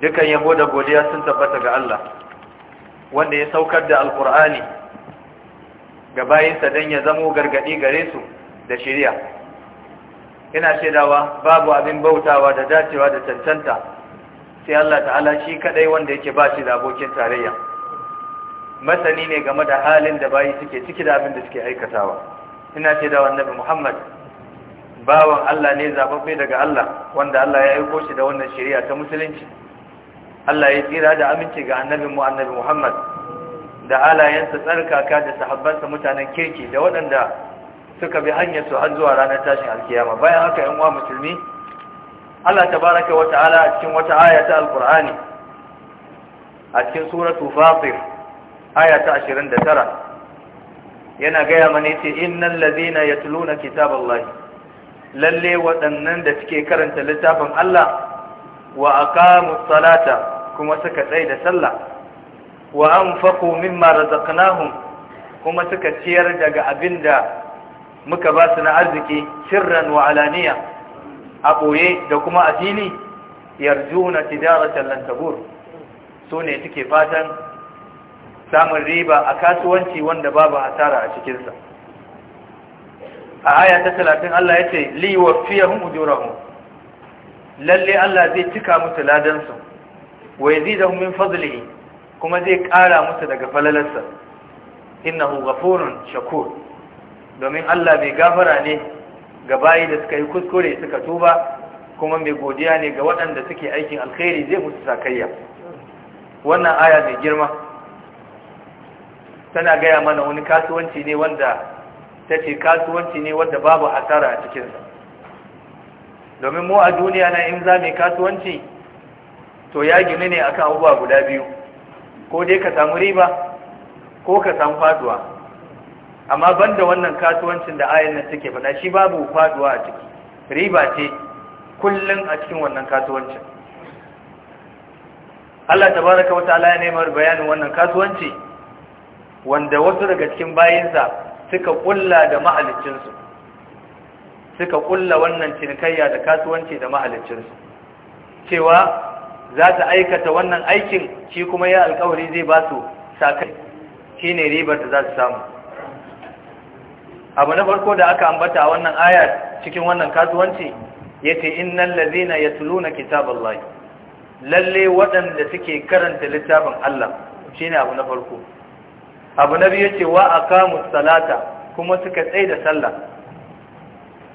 dukan yabo da godiya sun tabbata ga Allah wanda ya saukar da alkur'ani ga bayinsa don ya zamo gargadi gare su da shirya ina shaidawa babu abin bautawa da dacewa da cancanta sai Allah ta'ala shi kadai wanda yake ba shi da abokin tarayya masani ne game da halin da bayi suke ciki da abin da suke aikatawa ina shaidawa annabi Muhammad bawan Allah ne zababbe daga Allah wanda Allah ya aiko shi da wannan shari'a ta musulunci Allah ya tsira da aminci ga annabin mu annabi Muhammad da halayensa tsarkaka da sahabbansa mutanen kirki da waɗanda suka bi hanyar su har zuwa ranar tashin alkiyama bayan haka yan uwa musulmi Allah tabaraka wa ta'ala a cikin wata aya ta alqur'ani a cikin suratu fatir aya ta 29 yana gaya mana yace innal ladhina yatluna kitaballahi lalle waɗannan da suke karanta littafin Allah wa aqamus salata kuma suka tsai da sallah wa anfaqu mimma razaqnahum kuma suka ciyar daga abinda muka ba su na arziki sirran wa alaniya a boye da kuma a fili yarjuna tijaratan lan tabur so ne suke fatan samun riba a kasuwanci wanda babu hasara a cikinsa a aya ta talatin Allah ya ce liwafiyahum ujurahum lalle Allah zai cika musu ladansu wa da min fadlihi kuma zai kara musu daga falalarsa innahu ghafurun shakur domin Allah mai gafara ne ga bayi da suka yi kuskure suka tuba kuma mai godiya ne ga waɗanda suke aikin alkhairi zai musu sakayya wannan aya mai girma tana gaya mana wani kasuwanci ne wanda ta ce kasuwanci ne wanda babu asara a cikinsa domin mu a duniya na in za mai kasuwanci to ya gini ne akan abubuwa guda biyu ko dai ka samu riba ko ka samu faduwa amma banda wannan kasuwancin da ayan nan take faɗa shi babu faduwa a ciki riba ce kullun a cikin wannan kasuwancin Allah tabaraka wa ta'ala ya nemi bayanin wannan kasuwanci wanda wasu daga cikin bayinsa suka kulla da mahaliccinsu suka kulla wannan cinikayya da kasuwanci da mahaliccinsu cewa za ta aikata wannan aikin shi kuma ya alkawari zai ba su sakai shi ne ribar da za su samu abu na farko da aka ambata a wannan aya cikin wannan kasuwanci ya ce innan na ya tulu na kitabar lai lalle waɗanda suke karanta littafin Allah shi ne abu na farko abu na biyu ce wa a kamus salata kuma suka tsaye da sallah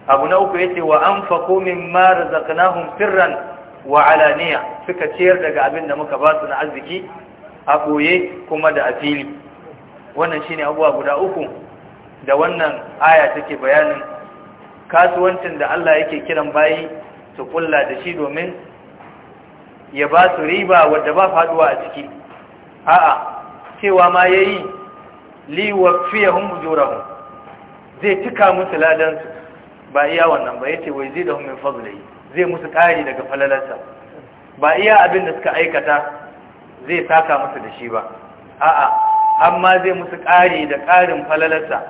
abu na uku ya ce wa an fako min mara zakanahun firran wa alaniya suka ciyar daga abin da muka ba su na arziki a ɓoye kuma da asiri. wannan shi ne abuwa guda uku da wannan aya take bayanin kasuwancin da Allah yake kiran bayi su kulla da shi domin ya ba su riba wadda ba faduwa a ciki a'a cewa ma yayi li wafiyahum ujurahum zai cika musu ladansu ba iya wannan ba yace wai zidahum min fadlihi zai musu ƙari daga falalarsa ba iya abin da suka aikata zai saka musu da shi ba a'a amma zai musu ƙari da ƙarin falalarsa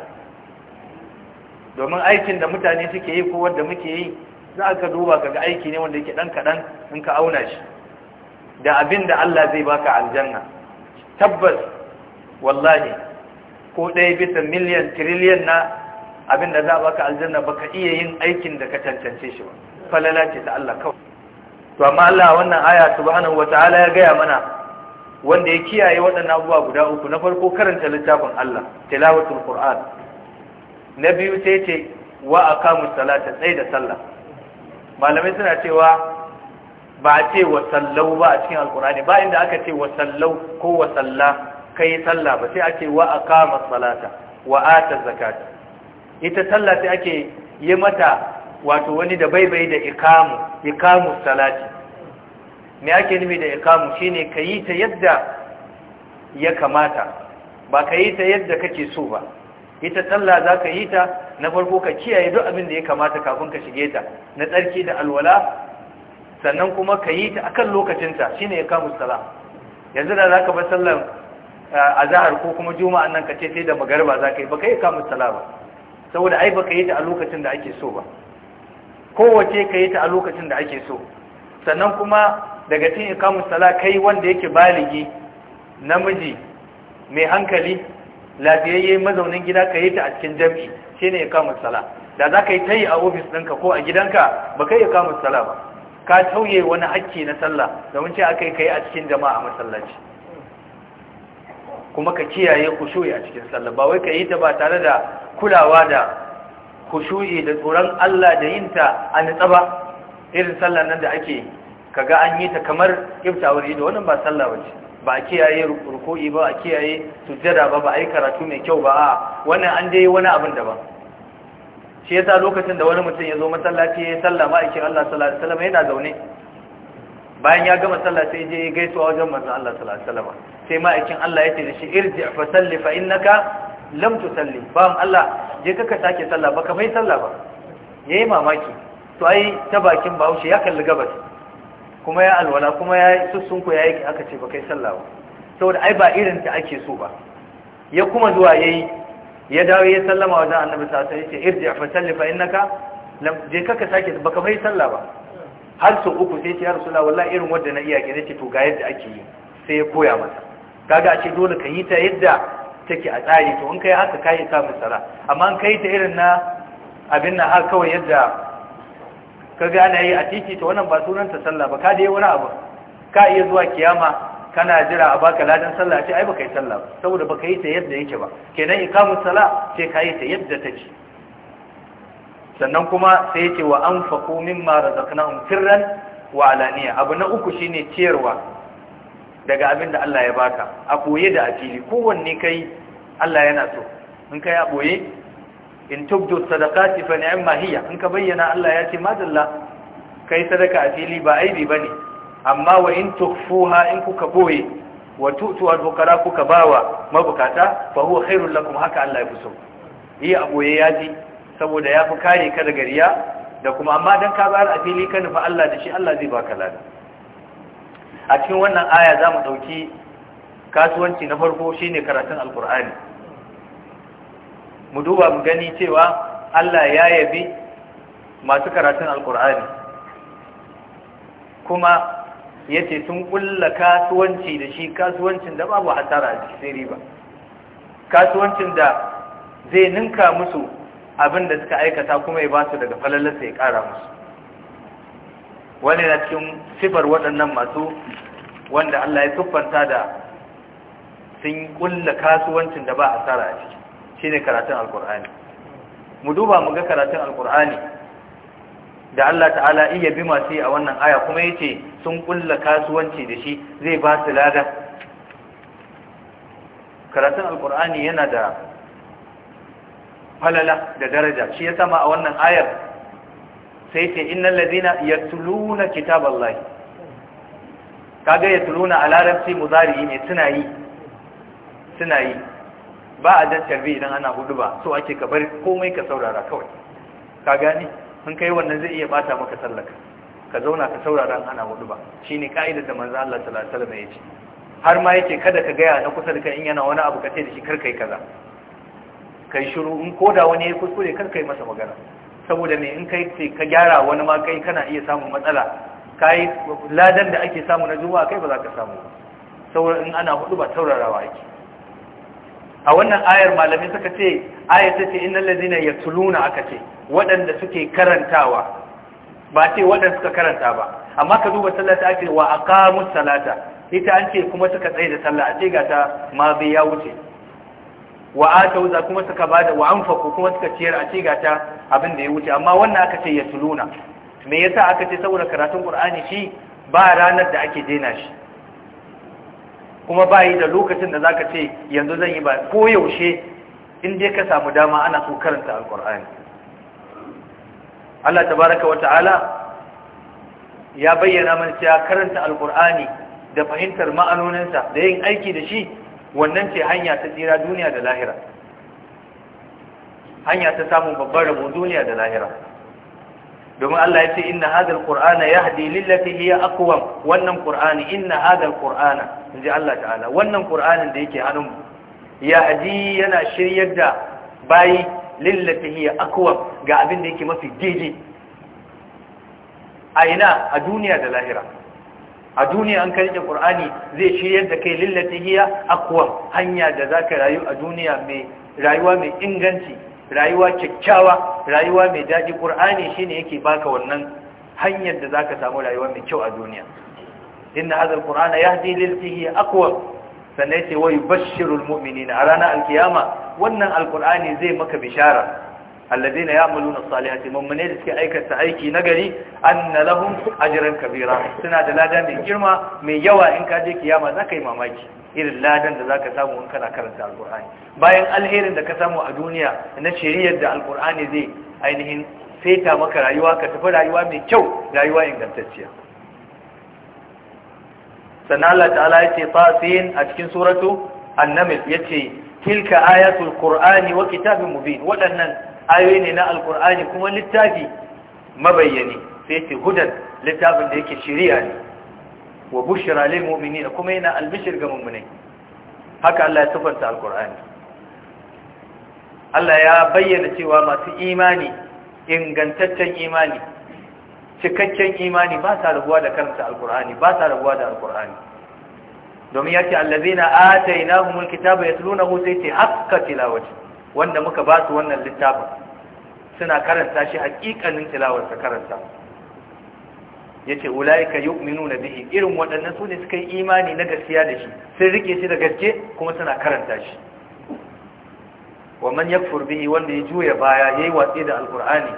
domin aikin da mutane suke yi ko wanda muke yi za ka duba kaga aiki ne wanda yake dan kadan in ka auna shi da abin da Allah zai baka aljanna tabbas wallahi ko ɗaya bisa miliyan trillion na abin da za baka aljanna baka iya yin aikin da ka cancance shi ba falala ce ta Allah kawai to amma Allah wannan aya subhanahu wataala ya gaya mana wanda ya kiyaye waɗannan abubuwa guda uku na farko karanta littafin Allah tilawatul qur'an na biyu sai ce wa aqamu salata tsaye da sallah malamai suna cewa ba a ce wa sallau ba a cikin alkurani ba inda aka ce wa sallau ko wa salla kai sallah ba sai a ce wa aqama salata wa ata zakata ita sallah sai ake yi mata wato wani da bai-bai da ikamu ikamu salati me ake nimi da ikamu shine ka yi ta yadda ya kamata ba ka yi ta yadda kake so ba ita sallah za ka yi ta na farko ka kiyaye duk abin da ya kamata kafin ka shige ta na tsarki da alwala sannan kuma ka yi ta akan lokacinta shine ikamu sala yanzu da za ka bar sallar eh, azahar ko kuma juma'an nan ka ce sai da magarba za ka yi ba ka yi ikamu sala ba saboda ai baka yi ta a lokacin da ake so ba kowace ka yi ta a lokacin da ake so sannan kuma daga cin ikamun sala kai wanda yake baligi namiji mai hankali lafiyayye mazaunin gida ka yi ta a cikin jam'i ne ikamun sala da za ka yi ta yi a ofis ɗinka ko a gidanka ba kai ikamun sala ba ka tauye wani hakki na sallah domin ce aka yi ka yi a cikin jama'a masallaci kuma ka kiyaye kushoyi a cikin sallah ba wai ka yi ta ba tare da kulawa da kushuyi da tsoron Allah da yinta a nitsa ba irin sallar nan da ake kaga an yi ta kamar iftawar ido wannan ba sallah ba ce ba a kiyaye rukoi ba a kiyaye sujjada ba ba a yi karatu mai kyau ba a wannan an dai wani abin daban shi yasa lokacin da wani mutum ya zo masallaci ya sallah aikin Allah sallallahu alaihi wasallam yana zaune bayan ya gama sallah sai je gaisuwa wajen manzon Allah sallallahu alaihi wasallam sai ma'aikin Allah ya ce da shi irji fa salli fa innaka lam tusalli bawan Allah je kaka sake sallah ba mai sallah ba yayi mamaki to ai ta bakin bahaushe ya kalli gabas kuma ya alwala kuma ya sussunku ya yi aka ce ba kai sallah ba saboda ai ba irin ta ake so ba ya kuma zuwa yayi ya dawo ya sallama wajen annabi sallallahu alaihi wasallam ya ce irji fa salli fa innaka lam je kaka sake ba mai sallah ba har sau uku sai ce ya rasula wallahi irin wanda na iya ke nace to ga yadda ake yi sai ya koya masa kaga a ce dole ka yi ta yadda take a tsari to in kai haka kai ka misara amma in kai ta irin na abin nan har kawai yadda ka gane yi a titi ta wannan ba sunanta sallah ba ka da yi wani abu ka iya zuwa kiyama kana jira a baka ladan sallah ce ai baka yi sallah saboda baka yi ta yadda yake ba kenan ikamu sala ce ka yi ta yadda take sannan kuma sai yake wa anfaqu mimma razaqnahum sirran wa alaniya abu na uku shine ciyarwa daga abin da Allah ya baka a koye da a kowanne kai Allah yana so in kai a koye in tubdu sadaqati fa ni'ma hiya in ka bayyana Allah ya ce madalla kai sadaka a fili ba aibi bane amma wa in tukfuha in kuka boye wa tu'tu al-fuqara kuka bawa mabukata fa huwa khairul lakum haka Allah ya fi so yi a koye ya ji saboda ya fi kare ka daga riya da kuma amma dan ka bayar a fili ka nufa Allah da shi Allah zai baka lada a cikin wannan aya za mu ɗauki kasuwanci na farko shine karatun alkur'ani mu duba mu gani cewa Allah ya yabi masu karatun alkur'ani kuma ya ce sun ƙulla kasuwanci da shi kasuwancin da babu hasara a cikin riba kasuwancin da zai ninka musu abin da suka aikata kuma ya ba su daga falalarsa ya ƙara musu wani na cikin sifar waɗannan masu wanda Allah ya tuffanta da sun ƙulla kasuwancin da ba asara a ciki shine karatun alkur'ani mu duba mu ga karatun alkur'ani da Allah ta'ala iya bi masu yi a wannan aya kuma yace sun ƙulla kasuwanci da shi zai ba su lada karatun alkur'ani yana da falala da daraja shi ya sama a wannan ayar sai ce innal ladina yatluna kitaballahi kaga yatluna a larabci muzari ne suna yi suna yi ba a dan bi idan ana hudu ba so ake ka bar komai ka saurara kawai ka gane in kai wannan zai iya bata maka sallaka ka zauna ka saurara in ana hudu ba shine kaidar da manzo Allah sallallahu alaihi wasallam har ma yake kada ka gaya na kusa da kai in yana wani abu ka ce da shi kar kaza kai shiru in koda wani ya kuskure kar masa magana saboda me in kai ce ka gyara wani ma kai kana iya samun matsala kai ladan da ake samu na juma'a kai ba za ka samu saboda in ana hudu ba taurarawa ake a wannan ayar malamai suka ce ayar ta ce innal ladina yatuluna aka ce waɗanda suke karantawa ba ce waɗanda suka karanta ba amma ka duba sallata ake wa aqamus salata ita an ce kuma suka tsaye da sallah a ce ga ta ma bai ya wuce wa atau za kuma suka bada wa anfaqu kuma suka ciyar a ce gata abin da ya wuce amma wannan aka ce ya tuluna me yasa aka ce saboda karatun Qur'ani shi ba ranar da ake daina shi kuma ba yi da lokacin da zaka ce yanzu zan yi ba ko yaushe in dai ka samu dama ana so karanta alqur'ani Allah tabaraka wa ta'ala ya bayyana mana cewa karanta alqur'ani da fahimtar ma'anoninsa da yin aiki da shi wannan ce hanya ta tsira duniya da lahira hanya ta samun babban rabo duniya da lahira domin Allah ya ce inna hadal qur'ana yahdi lillati hiya aqwam wannan qur'ani inna hadal qur'ana inji Allah ta'ala wannan qur'anin da yake hannun ya aji yana shiryar da bayi lillati hiya aqwam ga abin da yake mafi daidai aina a duniya da lahira a duniya an karje Kur'ani zai shiryar da kai lillati hiya aqwa hanya da ka rayu a duniya mai rayuwa mai inganci rayuwa kyakkyawa rayuwa mai daɗi shi shine yake baka wannan hanyar da zaka samu rayuwa mai kyau a duniya inna hadha ya yahdi lillati hiya aqwa sannan yace wa yubashshiru almu'minina a ranar alkiyama wannan alƙur'ani zai maka bishara alladina ya'maluna salihati mummune da suke aikata aiki nagari anna lahum ajran kabira suna da lada mai girma mai yawa in ka je za zaka yi mamaki irin ladan da zaka samu in kana karanta alqur'ani bayan alherin da ka samu a duniya na shiriyar da alkur'ani zai ainihin saita maka rayuwa ka tafi rayuwa mai kyau rayuwa ingantacciya sannan Allah ta'ala ya ce tasirin a cikin suratu annamil ya ce tilka ayatul qur'ani wa kitabin mubin waɗannan ayoyi ne na alkur'ani kuma littafi mabayyani sai ce hudan littafin da yake shiriya ne wa bushra lil mu'minin kuma yana albishir ga mu'minai haka Allah ya sifanta alkur'ani Allah ya bayyana cewa masu imani ingantaccen imani cikakken imani ba sa rabuwa da karanta alkur'ani ba sa rabuwa da alkur'ani domin yake allazina atainahumul kitaba yatluna hu ce hakka tilawati wanda muka ba su wannan littafin suna karanta shi hakikanin tilawarsa karanta yace ulaika yu'minuna bihi irin waɗannan su suka yi imani na gaskiya da shi sun rike shi da gaske kuma suna karanta shi wa man yakfur bihi wanda ya juya baya yayi watsi da alqur'ani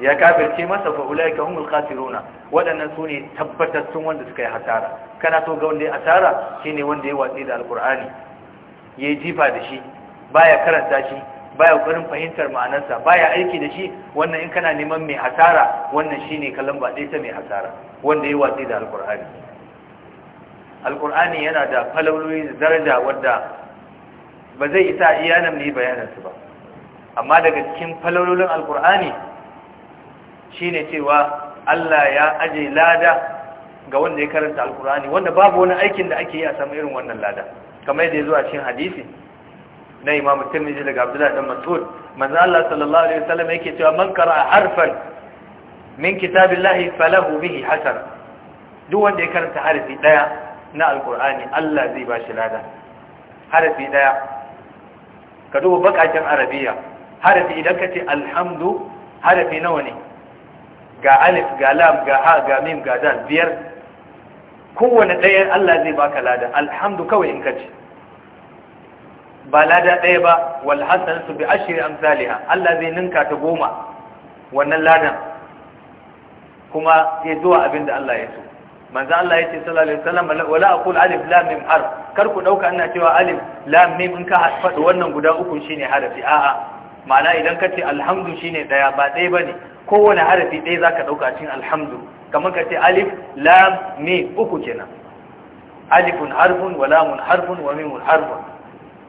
ya kafirce masa fa ulaika humul khasiruna waɗannan su ne tabbatattun wanda suka yi hasara kana so ga wanda ya hasara shine wanda ya watsi da alqur'ani yayi jifa da shi baya karanta shi baya kokarin fahimtar ma'anarsa baya aiki da shi wannan in kana neman mai hasara wannan ne kalan ba ɗaya ta mai hasara wanda yi watsi da Alƙur'ani. Alƙur'ani yana da falaloli da daraja wadda ba zai isa iyanan ne bayanan su ba amma daga cikin falalolin shi ne cewa Allah ya aje lada ga wanda ya karanta alkur'ani wanda babu wani aikin da ake yi a samu irin wannan lada kamar yadda ya zo a cikin hadisi na imamu tirmidhi daga abdullahi dan mas'ud manzo Allah sallallahu alaihi wasallam yake cewa man qara'a harfan min kitabillahi falahu bihi hasana duk wanda ya karanta harfi daya na alqur'ani Allah zai ba shi lada harfi daya ka duba bakakin arabiya harfi idan ka ce alhamdu harfi nawa ne ga alif ga lam ga ha ga mim ga dal biyar kowane ɗayan Allah zai baka lada alhamdu kawai in ka ce ba lada ɗaya ba wal su bi ashri amsalha Allah zai ninka ta goma wannan ladan kuma ya zuwa abin da Allah ya so manzo Allah ya ce sallallahu alaihi wasallam wala aqul alif lam mim harf kar ku dauka ina cewa alif lam mim in ka faɗi wannan guda uku shine harafi a'a ma'ana idan ka ce alhamdu shine daya ba ɗaya bane kowane harafi ɗaya zaka dauka cikin alhamdu kamar ka ce alif lam mim uku kenan alifun harfun wa lamun harfun wa mimun harfun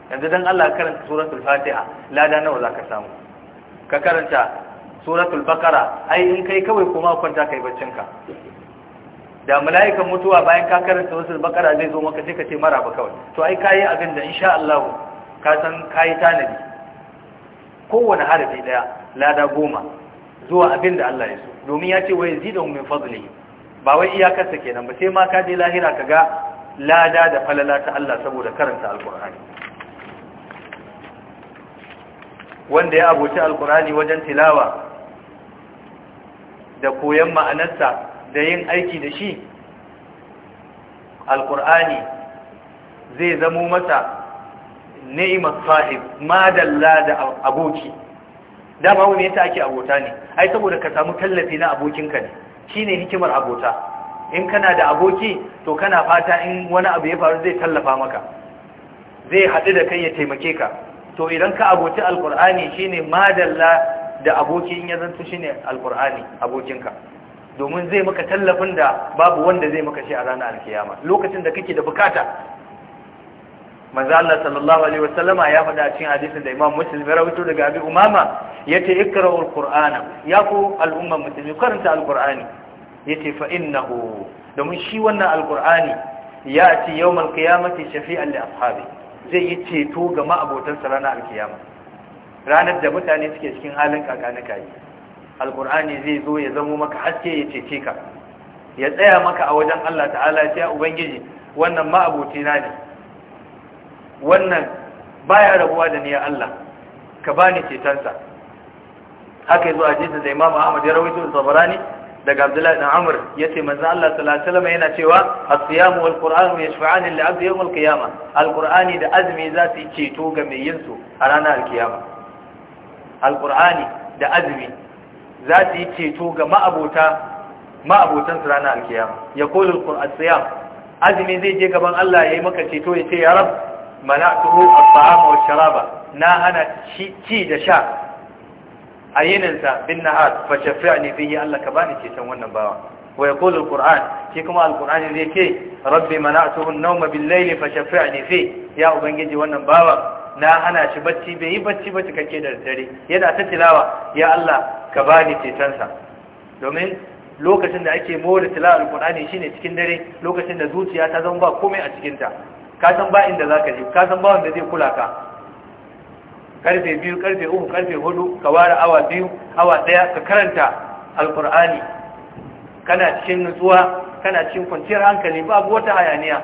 yanzu don Allah karanta suratul fatiha lada nawa za ka samu ka karanta suratul baqara ai in kai kawai kuma kwanta kai baccin ka da mala'ikan mutuwa bayan ka karanta suratul bakara zai zo maka sai ka ce ba kawai to ai kai abin da insha Allah ka san yi tanadi kowane harafi daya lada goma zuwa abin da Allah ya so domin ya ce wai zidan min fadli ba wai iyakarsa kenan ba sai ma ka je lahira ka ga lada da falala ta Allah saboda karanta alkur'ani wanda ya abuci alkur'ani wajen tilawa da koyon ma'anarsa da yin aiki da shi alkur'ani zai zamo masa ni'imar sahib madalla da aboki dama wani yasa ake abota ne ai saboda ka samu tallafi na abokinka ne Shi ne hikimar abota in kana da aboki to kana fata in wani abu ya faru zai tallafa maka zai haɗu da kai ya taimake ka to idan ka aboci alkur'ani ne madalla da abokin ya zanto ne alkur'ani abokinka domin zai maka tallafin da babu wanda zai maka shi a ranar alkiyama lokacin da kake da bukata manzo Allah sallallahu alaihi wasallama ya faɗa cikin hadisin da Imam Muslim ya rawaito daga Abi Umama yace ikra'ul Qur'ana ya ku al'umma muslimi karanta al Ya yace fa innahu domin shi wannan al ya ci yawmal qiyamati shafi'an li ashabi zai yi ceto ga ma'abotansa ranar alkiyama ranar da mutane suke cikin halin na yi alkur'ani zai zo ya zamo maka haske ya cece ka ya tsaya maka a wajen Allah ta'ala ya ubangiji wannan ma'abotina ne wannan baya rabuwa da ni ya Allah ka bani cetonsa haka yazo a jinsa da Imam Ahmad ya rawaito da Tabarani daga Abdullahi dan ya yace manzo Allah sallallahu alaihi wasallam yana cewa as-siyamu wal qur'anu yashfa'ani li 'abdi yawm al-qiyamah al-qur'ani da azumi za su yi ceto ga mai yin su a ranar al-qiyama al-qur'ani da azumi za su yi ceto ga ma'abotan su ranar al-qiyama yaqulu al siyam azumi zai je gaban Allah ya yi maka ceto yace ya rab mana'tuhu at-ta'ama wash-sharaba na hana ci da sha a yininsa bin nahar fa shafi'ni fihi Allah ka bani ceton wannan bawa wa yaqulu alquran shi kuma alqurani zai ke rabbi a an-nawma bil-layli fa a fi ya ubangiji wannan bawa na hana shi bacci bai yi bacci ba cikakke da dare yana ta tilawa ya Allah ka bani cetonsa domin lokacin da ake more tilawar alqurani shine cikin dare lokacin da zuciya ta zama ba komai a cikinta. ka san ba inda ka je ka san ba wanda zai kula ka karfe biyu karfe uku karfe hudu ka ware awa biyu awa daya ka karanta alkur'ani kana cikin nutsuwa kana cikin kwanciyar hankali babu wata hayaniya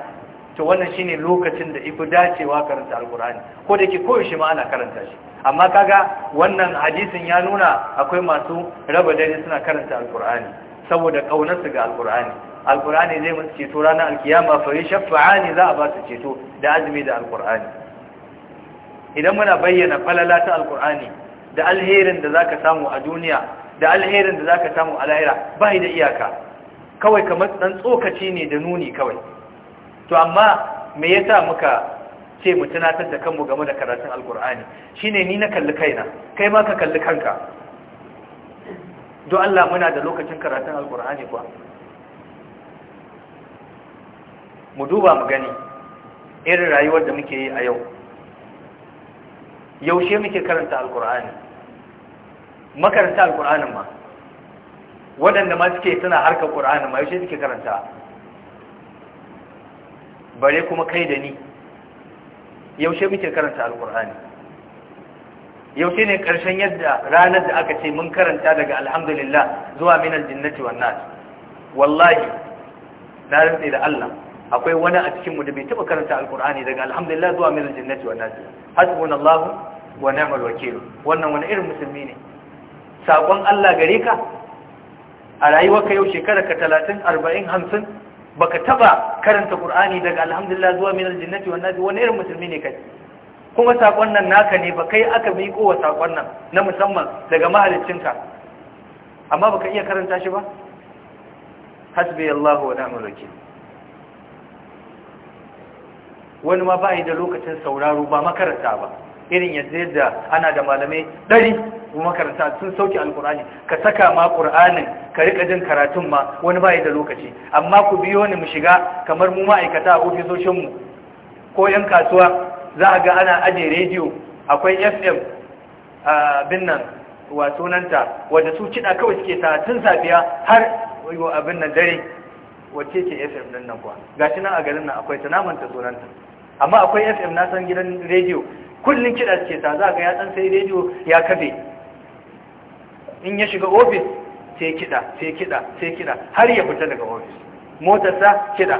to wannan shine lokacin da ifi dacewa karanta alkur'ani ko da ke koyaushe ma ana karanta shi amma kaga wannan hadisin ya nuna akwai masu raba dare suna karanta alkur'ani saboda kaunarsu ga alkur'ani alkur'ani zai musu ceto ranar alkiyama fa yi shafa'ani za a ba su ceto da azumi da alkur'ani idan muna bayyana falala ta alkur'ani da alherin da zaka samu a duniya da alherin da zaka samu a lahira bai da iyaka kawai kamar dan tsokaci ne da nuni kawai to amma me yasa muka ce mu tunatar da kanmu game da karatun alkur'ani shine ni na kalli kaina kai ma ka kalli kanka don Allah muna da lokacin karatun alkur'ani kuwa mu duba mu gani irin rayuwar da muke yi a yau yaushe muke karanta alkur'ani makaranta alkur'anin ma waɗanda ma suke suna harkar ƙur'anin ma yaushe suke karanta bare kuma kai da ni yaushe muke karanta alkur'ani yaushe ne ƙarshen yadda ranar da aka ce mun karanta daga alhamdulillah zuwa minal jinnati wannan wallahi na rantse da Allah akwai wani a cikinmu da bai taɓa karanta alkur'ani daga alhamdulillah zuwa min aljannati wan nas hasbunallahu wa ni'mal wakeel wannan wani irin musulmi ne sakon Allah gare ka a rayuwarka yau shekararka 30 40 50 baka taba karanta qur'ani daga alhamdulillah zuwa min aljannati wan nas wani irin musulmi ne kai kuma sakon nan naka ne ba kai aka miƙo wa sakon nan na musamman daga mahaliccinka amma baka iya karanta shi ba hasbi Allah wa ni'mal wakeel wani ma ba da lokacin sauraro ba makaranta ba irin yadda yadda ana da malamai ɗari makaranta sun sauke alkur'ani ka saka ma ƙur'anin ka riƙa jin karatun ma wani ba da lokaci amma ku biyo ni mu shiga kamar mu ma'aikata a ofisoshinmu ko 'yan kasuwa za a ga ana aje rediyo akwai fm abin nan wa sunanta wadda su kiɗa kawai suke ta tun safiya har abin nan dare wacce ce fm ɗin nan kuwa gashi nan a garin nan akwai ta namanta sunanta amma akwai fm na san gidan rediyo kullum kiɗa suke sa za ga ya ɗan sai rediyo ya kafe in ya shiga ofis sai kiɗa sai kiɗa sai kiɗa har ya fita daga ofis motarsa kiɗa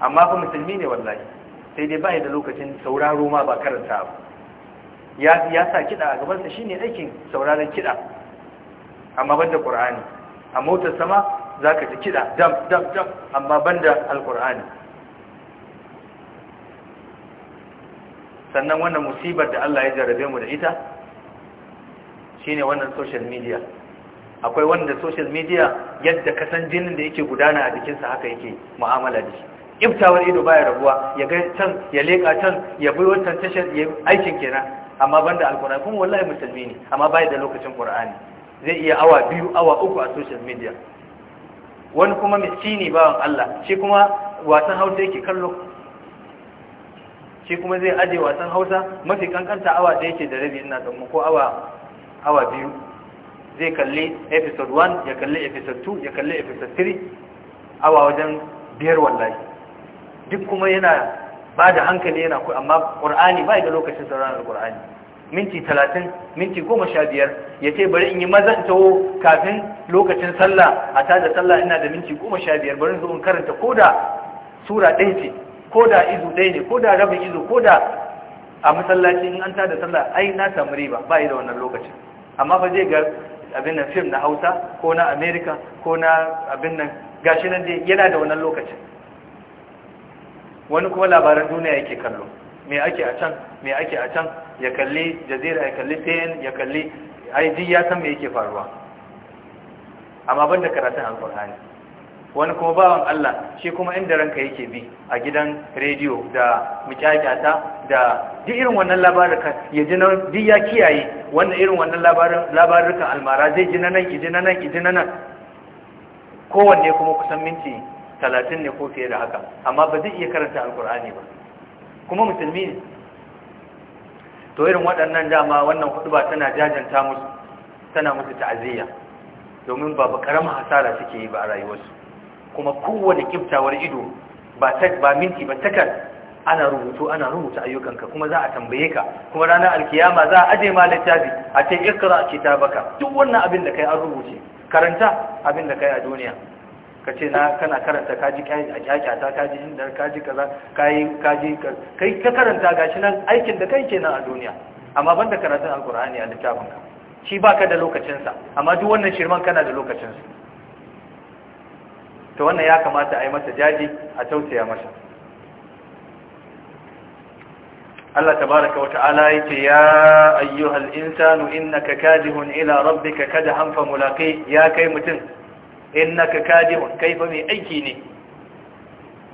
amma fa musulmi ne wallahi sai dai ba da lokacin sauraro ma ba karanta ba ya ya sa kiɗa a gabansa shine aikin sauraron kiɗa amma banda qur'ani a motarsa ma zaka ji kiɗa dam dam dam amma banda alqur'ani sannan wannan musibar da Allah ya jarabe mu da ita shine wannan social media akwai wanda social media yadda kasan jinin da yake gudana a jikinsa haka yake mu'amala da shi iftawar ido baya rabuwa ya ga can ya leka can ya bi wannan tashar ya aikin kenan amma banda alkur'ani kuma wallahi musulmi ne amma baya da lokacin qur'ani zai iya awa biyu awa uku a social media wani kuma miskini bawan Allah shi kuma wasan hausa yake kallo shi kuma zai ajiye wasan hausa mafi kankanta awa da yake da rabi ina tsammu ko awa awa biyu zai kalli episode 1 ya kalli episode 2 ya kalli episode 3 awa wajen biyar wallahi duk kuma yana ba da hankali yana ku amma ƙur'ani ba da lokacin sauraron qur'ani. minti talatin minti goma sha biyar ya ce bari in yi mazan tawo kafin lokacin sallah a tada sallah ina da minti goma sha biyar bari zo in karanta ko da sura ɗaya ce ko da izu ɗaya ne ko da rabin izu ko da a masallaci in an tada sallah ai na samu riba ba da wannan lokacin amma fa zai ga abin nan fim na Hausa ko na Amerika, ko na abin nan gashi nan dai yana da wannan lokacin wani kuma labaran duniya yake kallo me ake a can me ake a can ya kalli jazira ya kalli tayin ya kalli ai ya san me yake faruwa amma banda karatun alkur'ani wani kuma bawan Allah shi kuma inda ranka yake bi a gidan rediyo da mukyakata da duk irin wannan labarukan ya ji nan duk ya kiyaye wannan irin wannan labarukan almara zai ji nan iji nan iji nan kowanne kuma kusan minti talatin ne ko fiye da haka amma ba zai iya karanta alkur'ani ba kuma musulmi ne to irin waɗannan dama wannan hudu ba tana jajanta musu tana musu ta'aziyya domin ba ba karama hasara suke yi ba a rayuwarsu kuma kowane kiftawar ido ba minti ba takan ana rubutu ana rubuta ayyukanka kuma za a tambaye ka kuma ranar alkiyama za a aje ma littafi a ce ikra kitabaka duk wannan abin da kai an rubuce karanta abin da kai a duniya ka ce na kana karanta kaji kyakyata kaji inda kaji kaza kai kaji kai ka karanta gashi nan aikin da kai kenan a duniya amma banda karatun alkur'ani a littafinka shi baka da lokacinsa amma duk wannan shirman kana da lokacinsa to wannan ya kamata a yi masa jaji a tausaya masa Allah tabaraka wata'ala yake ya ayyuhal insanu innaka kadihun ila rabbika kadhan fa mulaqi ya kai mutum innaka kadihun kai fa mai aiki ne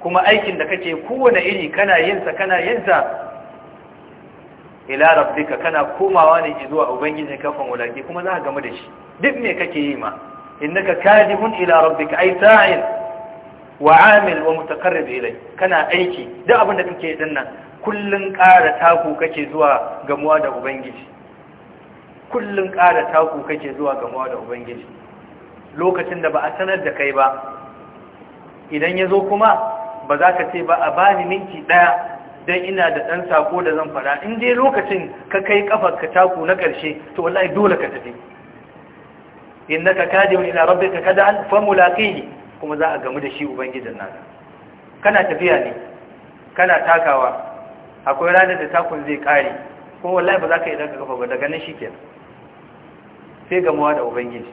kuma aikin da kake kowane iri kana yin sa kana yin sa ila rabbika kana komawa ne zuwa ubangijinka fa mulaqi kuma za ka gamu da shi duk me kake yi ma innaka kadi ila rabbika ay sa'in wa amil wa mutaqarrib ilai kana aiki duk abin da kake din kullun taku kake zuwa gamuwa da ubangiji kullun ƙara taku kake zuwa gamuwa da ubangiji lokacin da ba a sanar da kai ba idan ya zo kuma ba za ka ce ba a bani minti ɗaya don ina da ɗan sako da zan fara in dai lokacin ka kai kafar ka taku na ƙarshe to wallahi dole ka tafi innaka kadihun ila rabbika kad'an famulaqihi kuma za a gamu da shi ubangijin naka kana tafiya ne kana takawa akwai ranar da takun zai kare kuma wallahi ba za ka yi daga kafa ba daga nan shikenan sai gamuwa da ubangiji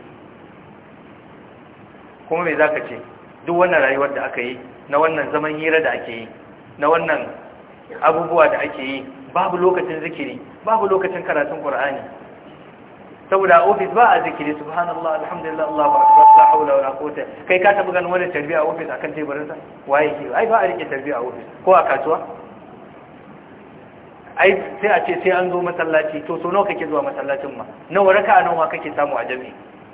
kuma me zaka ce duk wannan rayuwar da aka yi na wannan zaman hira da ake yi na wannan abubuwa da ake yi babu lokacin zikiri babu lokacin karatun qur'ani saboda ofis ba a zikiri subhanallah alhamdulillah Allahu akbar la haula wala quwwata kai ka taɓa ganin wani tarbiya a ofis akan teburin sa waye ke ai ba a rike tarbiya a ofis ko a kasuwa ai sai a ce sai an zo masallaci to so nawa kake zuwa masallacin ma nawa raka'a nawa kake samu a jami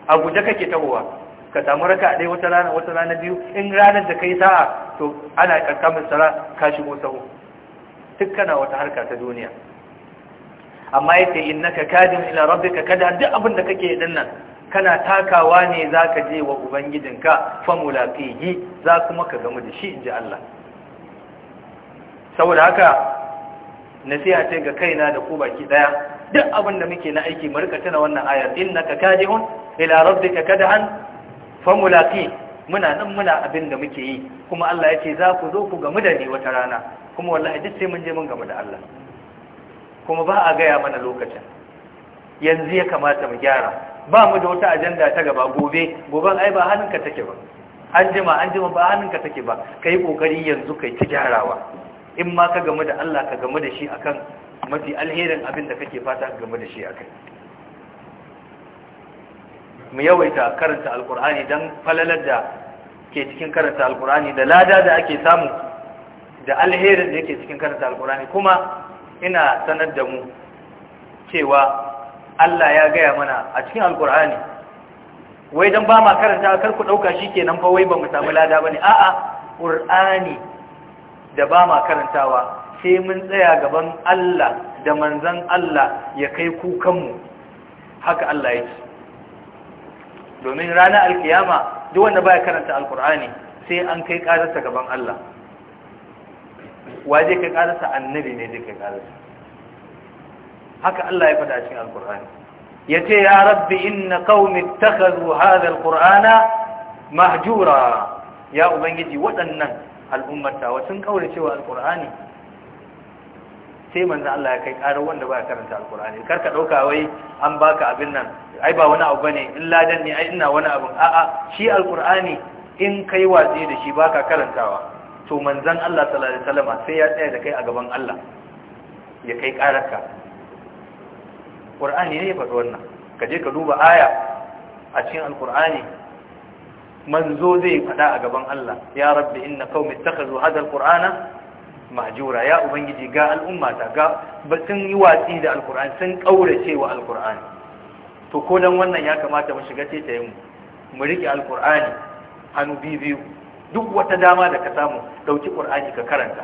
a guje kake tabowa ka samu a dai wata rana wata rana biyu in ranar da kai sa'a to ana karkamin sala ka shigo sahu duk wata harka ta duniya amma yake innaka kadin ila rabbika kada duk abin da kake din nan kana takawa ne zaka je wa ubangijinka fa mulaqihi za kuma ka gamu da shi inji Allah saboda haka nasiha ce ga kaina da ku baki daya duk abin da muke na aiki mu rika tana wannan ayar innaka kadihun ila rabbika kadhan fa mulaqi muna nan muna abin da muke yi kuma Allah yake za ku zo ku gamu da ni wata rana kuma wallahi duk sai mun je mun gamu da Allah kuma ba a gaya mana lokacin yanzu ya kamata mu gyara ba mu da wata ajanda ta gaba gobe gobe, ai ba hannunka take ba an jima an jima ba hannunka take ba ka yi ƙoƙari yanzu kai ta gyarawa in ma ka gamu da Allah ka gamu da shi akan mafi alherin abin da kake fata ka gamu da shi akai mu yawaita karanta Alƙur'ani don falalar da ke cikin karanta Alƙur'ani da lada da ake samu da alherin da yake cikin karanta alkur'ani kuma ina sanar da mu cewa Allah ya gaya mana a cikin alkur'ani wai don ba ma karanta kar ku ɗauka shi kenan fa wai ba mu samu lada ba ne a'a ƙur'ani da ba ma karantawa sai mun tsaya gaban Allah da manzan Allah ya kai kukanmu haka Allah ya domin ranar alkiyama duk wanda ba ya karanta alkur'ani sai an kai ƙararsa gaban Allah Waje ka karasa annabi ne je karasa haka Allah ya faɗa a cikin alkur'ani yace ya rabbi inna qaumi ittakhadhu hadha alqur'ana mahjura ya ubangiji waɗannan al'ummata wa sun kaure cewa alqur'ani sai manzo Allah ya kai ƙarar wanda ba karanta alqur'ani kar ka dauka wai an baka abin nan ai ba wani abu bane in ladan ne ai ina wani abu a'a shi alqur'ani in kai watsi da shi baka karantawa to manzan Allah sallallahu alaihi sai ya tsaya da kai a gaban Allah ya kai ƙararka. Qur'ani ne ya faɗi wannan ka je ka duba aya a cikin al manzo zai faɗa a gaban Allah ya rabbi inna qaumi ittakhadhu hadha hadar qurana mahjura ya ubangiji ga ta ga sun yi watsi da alkur'ani sun kaurace wa alkur'ani to ko dan wannan ya kamata mu shiga ce ta mu mu rike alkur'ani hannu biyu duk wata dama da ka samu ɗauki ƙur'ani ka karanta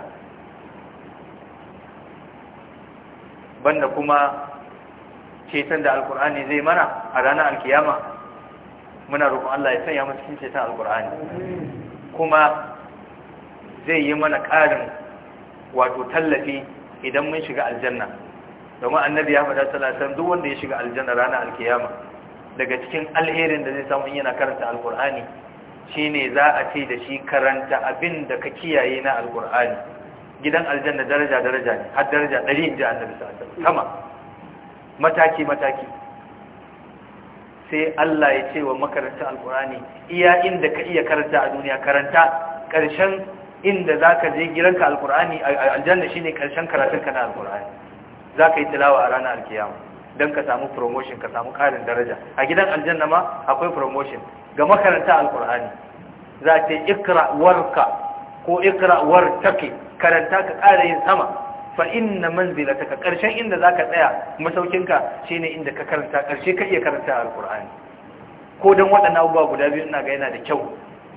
banda kuma ceton da alƙur'ani zai mana a ranar alkiyama muna roƙon Allah ya sanya mu cikin ceton alƙur'ani kuma zai yi mana ƙarin wato tallafi idan mun shiga aljanna domin annabi ya faɗa salatan duk wanda ya shiga aljanna ranar alkiyama daga cikin alherin da zai samu yana karanta alƙur'ani shine za a ce da shi karanta abin da ka kiyaye na alkur'ani gidan aljanna daraja daraja ne har daraja 100 inji annabi sallallahu alaihi wasallam mataki mataki sai Allah ya ce wa makaranta alkur'ani iya inda ka iya karanta a duniya karanta karshen inda zaka je gidanka alkur'ani aljanna shine karshen karatunka na alkur'ani zaka yi tilawa a ranar alkiyama don ka samu promotion ka samu ƙarin daraja a gidan aljanna ma akwai promotion ga makaranta alkur'ani za ta ikra warka ko ikra wartaki karanta ka ƙara yin sama fa inna manzilataka Karshen inda zaka tsaya masaukinka shine inda ka karanta ƙarshe ka iya karanta alkur'ani ko don waɗannan abubuwa guda biyu ina ga yana da kyau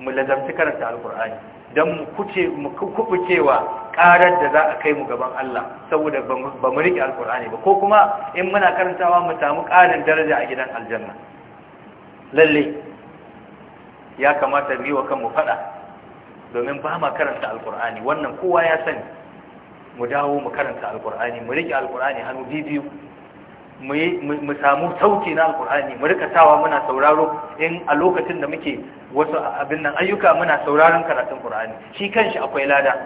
mu lazarci karanta alkur'ani don mu kuce mu kubucewa karar da za a kai mu gaban Allah saboda ba mu riƙe alkur'ani ba ko kuma in muna karantawa mu samu ƙarin daraja a gidan aljanna lalle ya kamata mu yi wa kanmu faɗa domin ba ma karanta alkur'ani wannan kowa ya sani mu dawo mu karanta alkur'ani mu riƙe alkur'ani hannu biyu mu samu sauti na alkur'ani mu rika sawa muna sauraro in a lokacin da muke wasu abin nan ayyuka muna sauraron karatun qur'ani shi kanshi akwai lada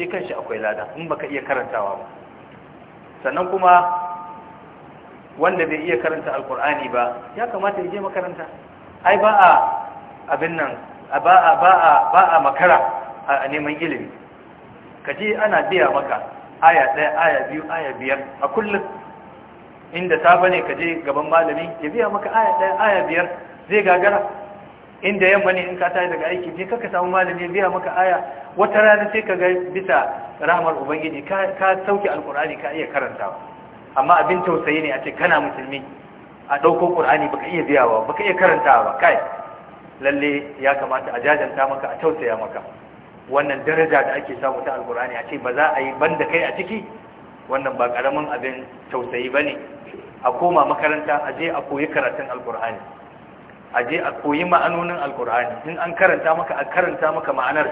shi kanshi akwai lada in baka iya karantawa ba sannan kuma wanda bai iya karanta alkur'ani ba ya kamata ya je makaranta ai ba a abin nan ba a ba a ba a makara a neman ilimi kaje ana biya maka aya ɗaya aya biyu aya biyar a kullum inda safe ne ka je gaban malami ya biya maka aya ɗaya aya biyar zai gagara inda yamma ne in ka tashi daga aiki je kaka samu malami ya biya maka aya wata rana sai ka ga bisa rahmar ubangiji ka sauke alkur'ani ka iya karantawa amma abin tausayi ne a ce kana musulmi a ɗauko ƙur'ani baka iya biyawa baka iya karantawa ba kai lalle ya kamata a jajanta maka a tausaya maka wannan daraja da ake samu ta alkur'ani a ce ba za a yi banda kai a ciki wannan ba karamin abin tausayi ba ne a koma makaranta a je a koyi karatun alkur'ani a je a koyi ma'anonin alkur'ani in an karanta maka a karanta maka ma'anar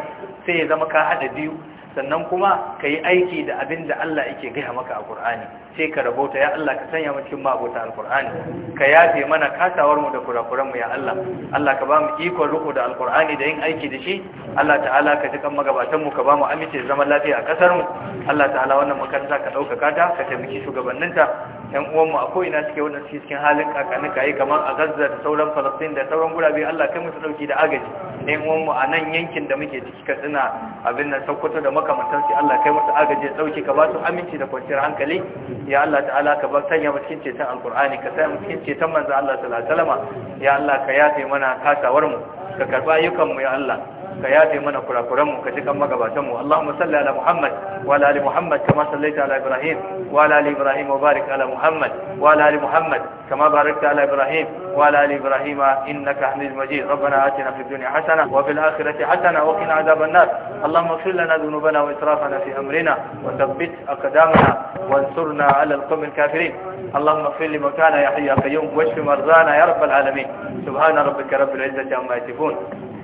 sai ya zama ka haɗa biyu sannan kuma ka yi aiki da abin da Allah yake gaya maka a Kur'ani sai ka rabota ya Allah ka sanya mu cikin mabota alkur'ani ka yafe mana kasawar mu da kurakuran mu ya Allah Allah ka ba mu ikon riko da alkur'ani da yin aiki da shi Allah ta'ala ka ji kan magabatan mu ka ba mu amince zaman lafiya a kasar mu Allah ta'ala wannan makaranta ka dauka kata, ka taimaki shugabanninta yan uwanmu a ko'ina suke wanda suke cikin halin kakanin kayi eh, kamar a gaza da sauran falastin da sauran gurabe allah kai musu dauki da agaji na uwanmu a nan yankin da muke ciki katsina abin nan sokoto da makamantan su allah kai musu agaji dauki ka ba su aminci da kwanciyar hankali ya allah ta'ala ka ba sanya mu cikin ceton alkur'ani ka sanya mu cikin ceton manzo allah sallallahu alaihi wasallam ya allah ka yafe mana kasawar mu ka karba ayyukan mu ya allah ka yafe mana kurakuran mu ka ji kan magabatan mu Allahumma salli ala Muhammad wa ala ali Muhammad kama sallaita ala Ibrahim wa ala ali Ibrahim wa barik ala Muhammad wa ala ali Muhammad kama barakta ala Ibrahim wa ala ali Ibrahim innaka Hamidul Majid ربنا آتنا في الدنيا حسنة وفي الآخرة حسنة وقنا عذاب النار wa اغفر لنا ذنوبنا وإسرافنا في أمرنا وثبت أقدامنا وانصرنا على القوم allahumma اللهم اغفر لمن كان يحيى قيوم واشف مرضانا يا رب العالمين سبحان ربك رب العزة عما يصفون